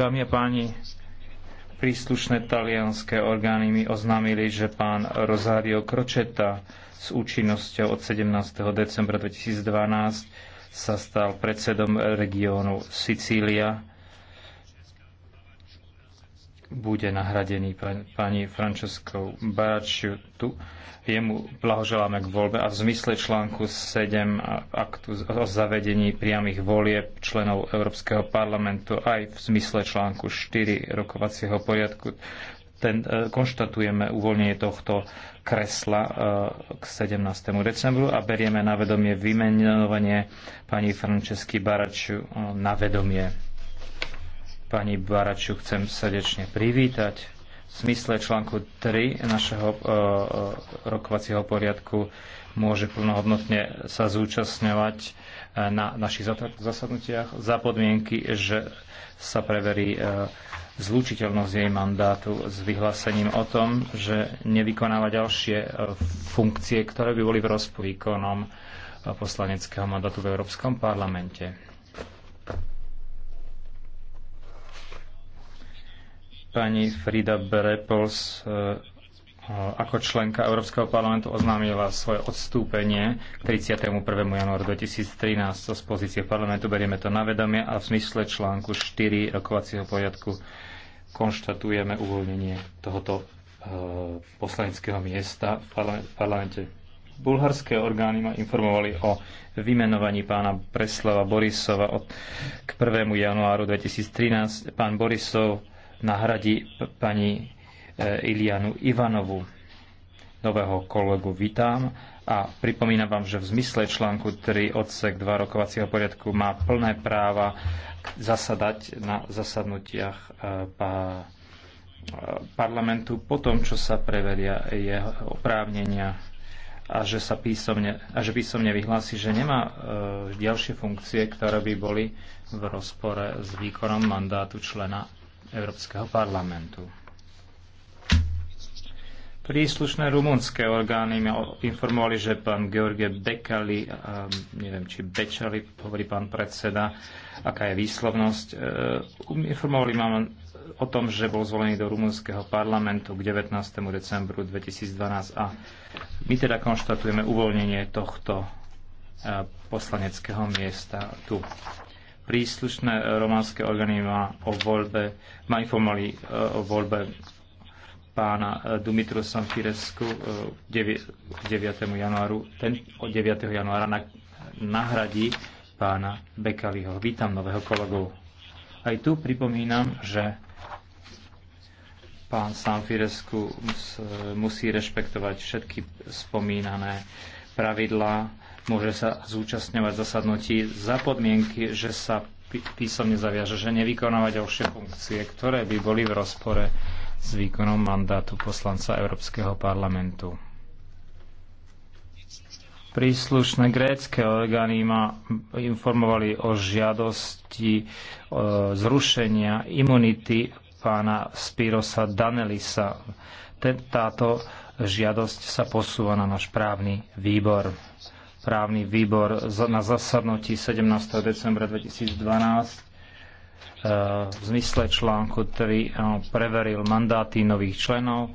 Dámy a páni, príslušné talianské orgány mi oznámili, že pán Rosario Kročeta s účinnosťou od 17. decembra 2012 sa stal predsedom regiónu Sicília bude nahradený pani Franceskou Baračiu. Tu jemu blahoželáme k voľbe a v zmysle článku 7 aktu o zavedení priamých volieb členov Európskeho parlamentu aj v zmysle článku 4 rokovacieho poriadku ten, e, konštatujeme uvoľnenie tohto kresla e, k 17. decembru a berieme na vedomie vymenovanie pani Francesky Baraču e, na vedomie. Pani Baraču chcem srdečne privítať. V smysle článku 3 našeho e, e, rokovacieho poriadku môže plnohodnotne sa zúčastňovať e, na našich zasadnutiach za podmienky, že sa preverí zlučiteľnosť jej mandátu s vyhlásením o tom, že nevykonáva ďalšie funkcie, ktoré by boli v rozpovýkonom výkonom poslaneckého mandátu v Európskom parlamente. Pani Frida Brepols eh, ako členka Európskeho parlamentu oznámila svoje odstúpenie k 31. januáru 2013 z pozície parlamentu. Berieme to na vedomie a v zmysle článku 4 rokovacieho poriadku konštatujeme uvoľnenie tohoto eh, poslaneckého miesta v parlamente. Bulharské orgány ma informovali o vymenovaní pána Preslava Borisova od k 1. januáru 2013. Pán Borisov nahradí pani e, Ilianu Ivanovu. Nového kolegu vítam a pripomínam vám, že v zmysle článku 3 odsek 2 rokovacieho poriadku má plné práva zasadať na zasadnutiach e, e, parlamentu po tom, čo sa preveria jeho oprávnenia a že, sa písomne, a že písomne vyhlási, že nemá e, ďalšie funkcie, ktoré by boli v rozpore s výkonom mandátu člena Európskeho parlamentu. Príslušné rumunské orgány mi informovali, že pán George Bekali, a neviem či Bečali, hovorí pán predseda, aká je výslovnosť, e, um, informovali ma o tom, že bol zvolený do rumunského parlamentu k 19. decembru 2012 a my teda konštatujeme uvoľnenie tohto e, poslaneckého miesta tu príslušné e, románske orgány ma o voľbe, ma informovali e, o voľbe pána e, Dumitru Sanfiresku 9. januáru, ten od 9. januára nahradí pána Bekaliho. Vítam nového kolegu. Aj tu pripomínam, že pán Sanfiresku musí rešpektovať všetky spomínané pravidlá, môže sa zúčastňovať zasadnutí za podmienky, že sa písomne zaviaže, že nevykonáva ďalšie funkcie, ktoré by boli v rozpore s výkonom mandátu poslanca Európskeho parlamentu. Príslušné grécké orgány ma informovali o žiadosti e, zrušenia imunity pána Spirosa Danelisa. Táto žiadosť sa posúva na náš právny výbor. Právny výbor na zasadnutí 17. decembra 2012 e, v zmysle článku 3 e, preveril mandáty nových členov